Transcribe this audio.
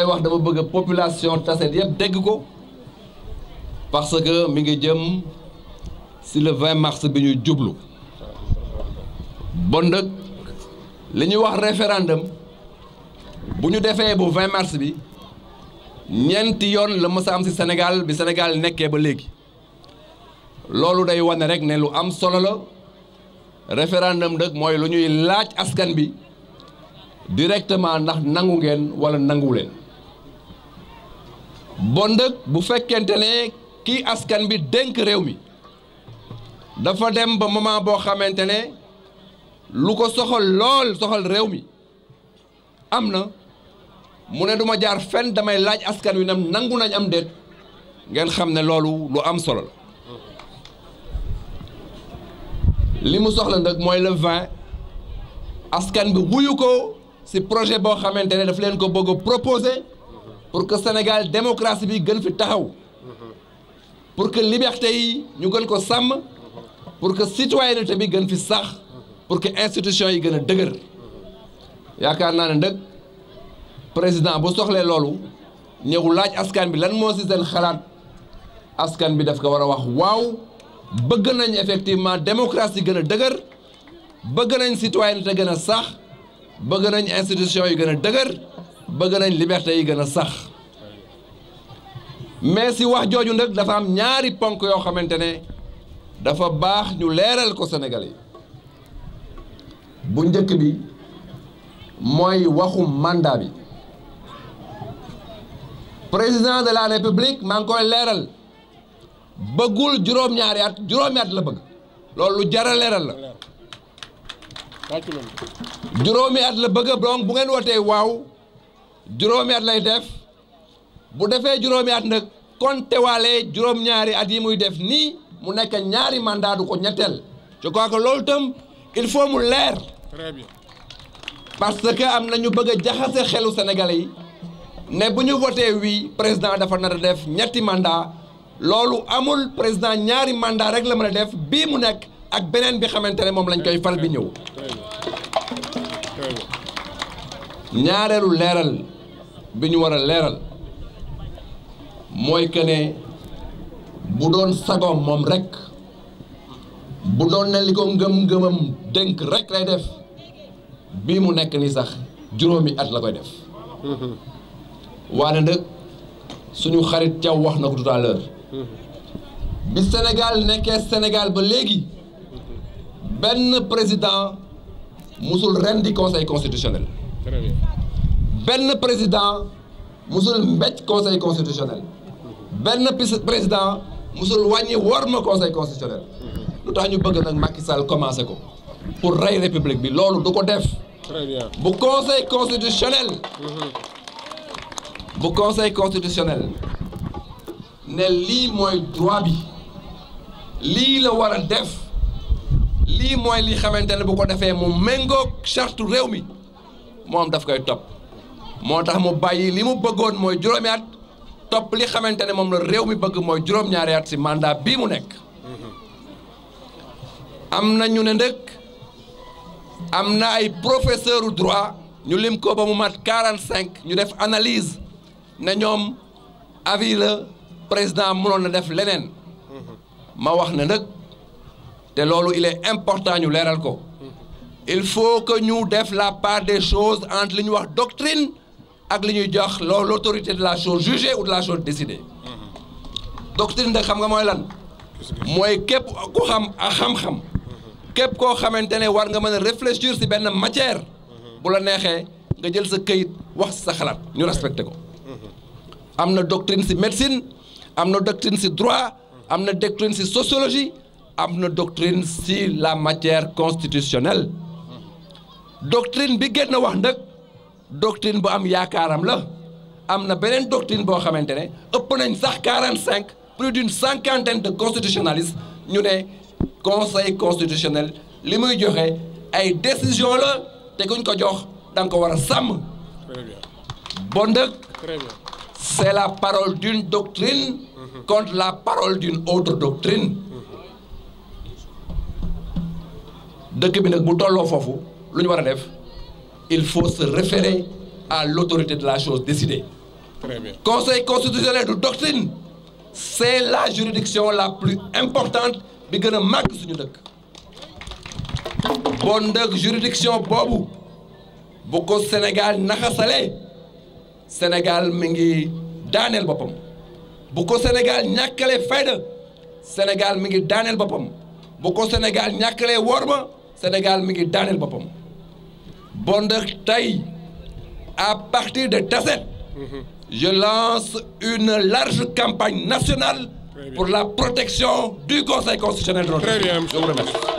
koy wax dama bëgg population Tassette yëpp dégg ko parce que mi ngi jëm si le 20 mars bi ñu jublu bon nag li ñuy wax référendum bu ñu defee bu 20 mars bi ñeenti yoon la mës a am si Sénégal bi Sénégal nekkee ba léegi loolu day wane rek ne lu am solo la référendum nag mooy lu ñuy laaj askan bi directement ndax nangu ngeen wala nangu leen bon nag bu fekkente ne kii askan bi dénk réew mi dafa dem ba moment boo xamante ne lu ko soxal lool soxal réew mi am na mu ne duma jaar fenn damay laaj askan wi nam nangu nañ am déet ngeen xam ne loolu lu am solo la li mu soxla nag mooy le vingt askan bi wuyu ko si projet boo xamante ne daf leen ko bëgg proposé pour que Sénégal démocratie bi gën fi taxaw pour que liberté yi ñu gën ko sàmm pour que citoyenneté bi gën fi sax pour que institution yi gën a dëgër yaakaar naa ne nag président bu soxlee loolu ñëw laaj askan bi lan moo ci seen xalaat askan bi daf ko war a wax waaw bëgg nañ effectivement démocratie gën a dëgër bëgg nañ citoyenneté gën a sax bëgg nañ institution yi gën a dëgër bëgg nañ liberté yi gën a sax mais si wax jooju nag dafa am ñaari ponk yoo xamante ne dafa baax ñu leeral ko Sénégalais bu njëkk bi mooy waxu mandat bi président de la république maa ngi koy leeral bëggul juróom-ñaari at juróomi at la bëgg loolu lu jara leeral la juróomi at la bëgg donc bu ngeen wootee waaw juróomi at lay def bu defee juróomi at nag kontewaale juróom-ñaari at yi muy def nii mu nekk ñaari mandat du ko ñetteel je crois que loolu itam il faut mu leer très parce que am na ñu bëgg a jaxase xelu senegal yi ne bu ñu voté oui président dafa nar def ñetti mandat loolu amul président ñaari mandat rek la mën a def bii mu nekk ak beneen bi xamante ne moom lañ koy fal bi ñëw ñaareelu leeral bi ñu war a leeral mooy que bu doon sagoom moom rek bu doon ne li ko ngëm-ngëmam dénk rek lay def bii mu nekk ni sax juróomi at la koy def ne nag suñu xarit Thiaw wax na ko tout à l'heure bi Sénégal nekkee Sénégal ba léegi benn président musul rendi conseil constitutionnel benn président musul mbéj conseil constitutionnel benn président musul wàññi war ma conseil constitutionnel lu tax ñu bëgg nag Macky Sall commencé ko pour rey république bi loolu du ko def. très bien bu conseil constitutionnel. bu conseil constitutionnel ne lii mooy droit bi lii la war a def lii mooy li xamante ne bu ko defee mu méngoog charte réew mi moom daf koy topp. moo tax mu bàyyi li mu bëggoon mooy juróomi at topp li xamante ne moom la réew mi bëgg mooy juróom-ñaari at si mandat bii mu nekk am na ñu ne ndëkk am na ay professeur u droit ñu lim ko ba mu mat 45 ñu def analyse ne ñoom avis la président mënoon na def leneen ma wax ne nag te loolu il est important ñu leeral ko il faut que ñu def la part des choses entre lu ñu wax doctrine ak li ñuy jox loolu l'autorité de la chose jugée ou la chose décidée donc tin nag xam nga mooy lan mooy képp ku xam a xam-xam képp koo xamante ne war nga mën a réfléchir si benn matière bu la neexee nga jël sa këyit wax sa xalaat ñu respecté ko am na doctrine si médecine am na doctrine si droit am na doctrine si sociologie am na doctrine si la matière constitutionnelle doctrine bi gën wax nag doctrine bu am yaakaaram la am na beneen doctrine boo xamante ne ëpp nañ sax 45 plus d'une cinquantaine de constitutionnalistes ñu ne conseil constitutionnel li muy joxe ay décision la te kuñ ko jox da nga ko war a sàmm. bon dëkk c'est la parole d'une doctrine mm-hmm. contre la parole d'une autre doctrine mm-hmm. dëkk bi nag bu tolloo foofu lu ñu war a def. il faut se à l'autorité de la chose décidée. Très bien. Conseil constitutionnel de c'est la juridiction la plus important bi gën a màgg suñu dëkk. bon ndëkk juridiction boobu bu ko Sénégal naxasalee Sénégal mi ngi daaneel boppam bu ko Sénégal ñàkkalee fayda Sénégal mi ngi daaneel boppam bu ko Sénégal ñàkkalee worma Sénégal mi ngi daaneel boppam. bon taille à partir de Tasset, je lance une large campagne nationale pour la protection du Conseil constitutionnel. Très bien,